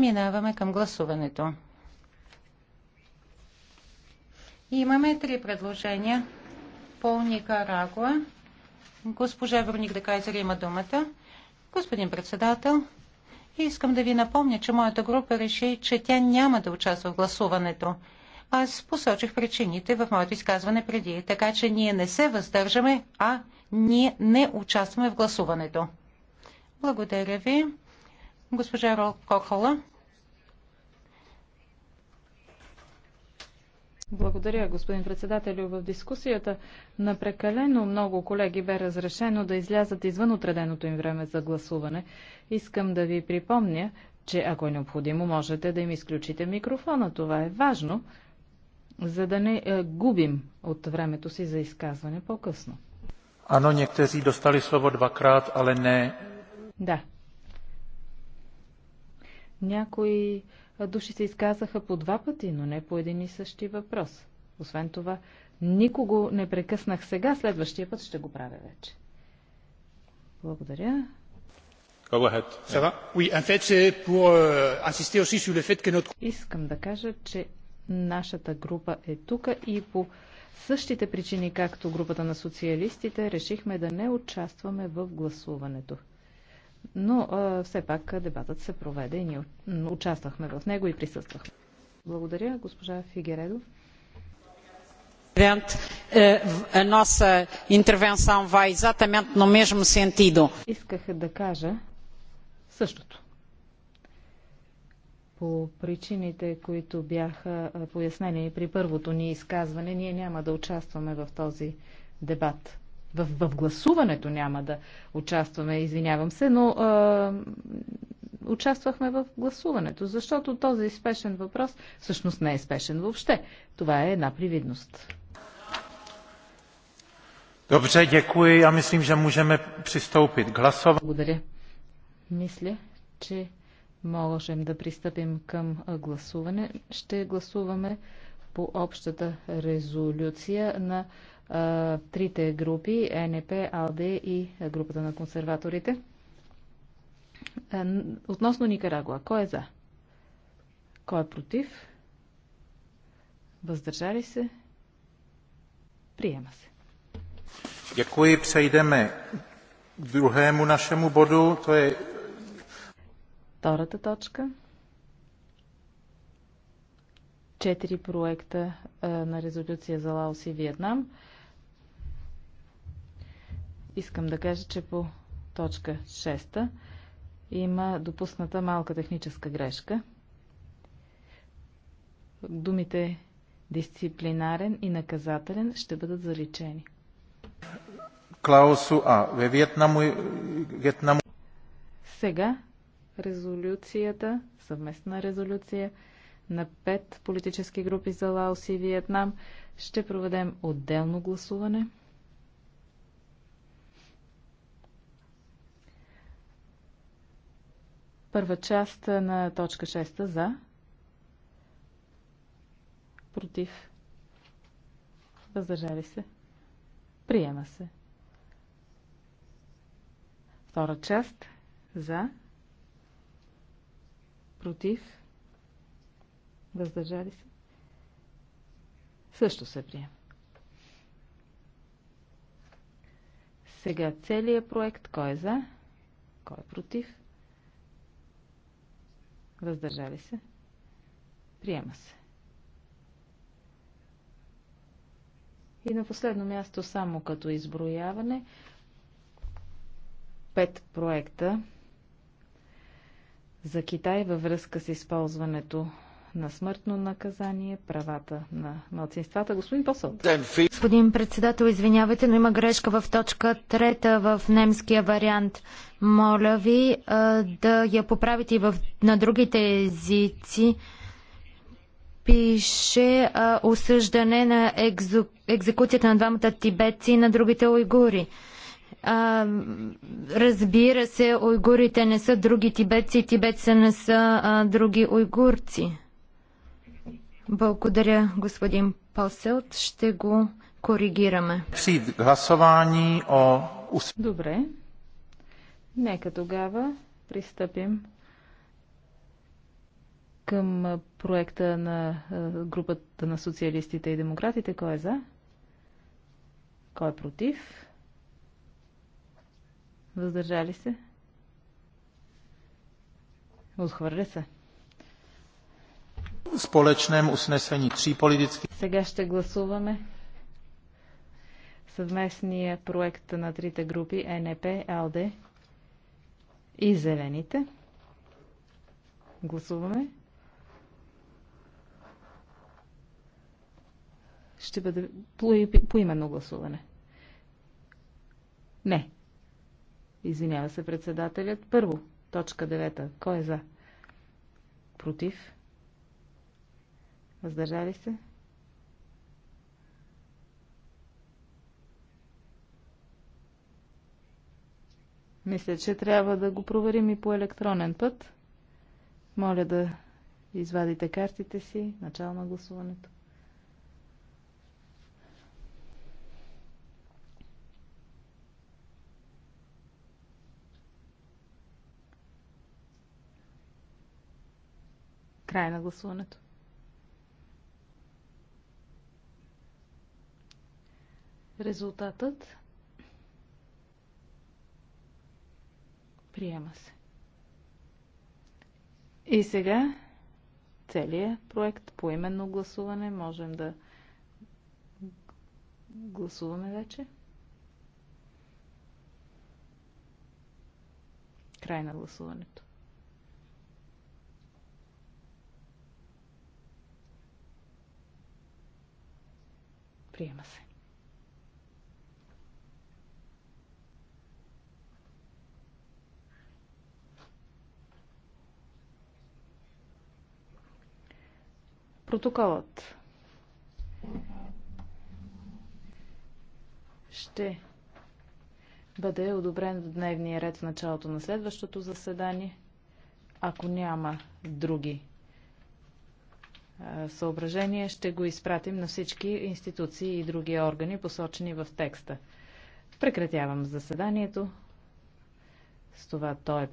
Минаваме към гласуването. Имаме три предложения по Никарагуа. Госпожа Вероник Декайзер има думата. Господин председател, искам да ви напомня, че моята група реши, че тя няма да участва в гласуването. Аз посочих причините в моето изказване преди, така че ние не се въздържаме, а ние не участваме в гласуването. Благодаря ви. Госпожа Рол Кохола. Благодаря, господин председателю. В дискусията на прекалено много колеги бе разрешено да излязат извън отреденото им време за гласуване. Искам да ви припомня, че ако е необходимо, можете да им изключите микрофона. Това е важно, за да не е, губим от времето си за изказване по-късно. Ано, някои достали слово двакрат, але не... Да. Някои души се изказаха по два пъти, но не по един и същи въпрос. Освен това, никого не прекъснах сега, следващия път ще го правя вече. Благодаря. Euh, Искам да кажа, че нашата група е тук и по същите причини, както групата на социалистите, решихме да не участваме в гласуването но а, все пак дебатът се проведе и ние участвахме в него и присъствахме. Благодаря, госпожа Фигередо. a nossa intervenção vai exatamente no mesmo sentido. Исках да кажа същото. По причините, които бяха е, пояснени при първото ни изказване, ние няма да участваме в този дебат в, в гласуването няма да участваме, извинявам се, но а, участвахме в гласуването, защото този спешен въпрос всъщност не е спешен въобще. Това е една привидност. Добре, дякую. Я мислим, че можем пристъпи к гласуването. Благодаря. Мисля, че можем да пристъпим към гласуване. Ще гласуваме по общата резолюция на трите групи е НП, АЛДЕ и групата на консерваторите. Относно Никарагуа, кой е за? Кой е против? Въздържали се? Приема се. Děkuji, přejdeme k druhému našemu bodu, to je... Втората точка. Четири проекта на резолюция за Лаос и Виетнам. Искам да кажа, че по точка 6 има допусната малка техническа грешка. Думите дисциплинарен и наказателен ще бъдат заличени. Клаусу А. Ве Вьетнаму... Вьетнаму... Сега резолюцията, съвместна резолюция на пет политически групи за Лаос и Виетнам ще проведем отделно гласуване. Първа част на точка 6 за. Против. Въздържали се. Приема се. Втора част за. Против. Въздържали се. Също се приема. Сега целият проект. Кой е за? Кой е против? Въздържали се. Приема се. И на последно място, само като изброяване, пет проекта за Китай във връзка с използването на смъртно наказание, правата на младсинствата. Господин Посол, Господин председател, извинявайте, но има грешка в точка трета в немския вариант. Моля ви а, да я поправите и в, на другите езици. Пише а, осъждане на екзу, екзекуцията на двамата тибетци и на другите уйгури. А, разбира се, уйгурите не са други тибетци, тибетци не са а, други уйгурци. Благодаря, господин Паселт. Ще го коригираме. Добре. Нека тогава пристъпим към проекта на е, групата на социалистите и демократите. Кой е за? Кой е против? Въздържали се? Отхвърля се. Сполечнем уснесени Сега ще гласуваме съвместния проект на трите групи е НП, АЛД е и Зелените. Гласуваме. Ще бъде поименно гласуване. Не. Извинява се председателят. Първо, точка 9. Кой е за? Против? Въздържали се? Мисля, че трябва да го проверим и по електронен път. Моля да извадите картите си. Начало на гласуването. Край на гласуването. Резултатът приема се. И сега целият проект по именно гласуване можем да гласуваме вече. Край на гласуването. Приема се. Протоколът ще бъде одобрен в дневния ред в началото на следващото заседание, ако няма други съображения, ще го изпратим на всички институции и други органи, посочени в текста. Прекратявам заседанието. С това то е приключено.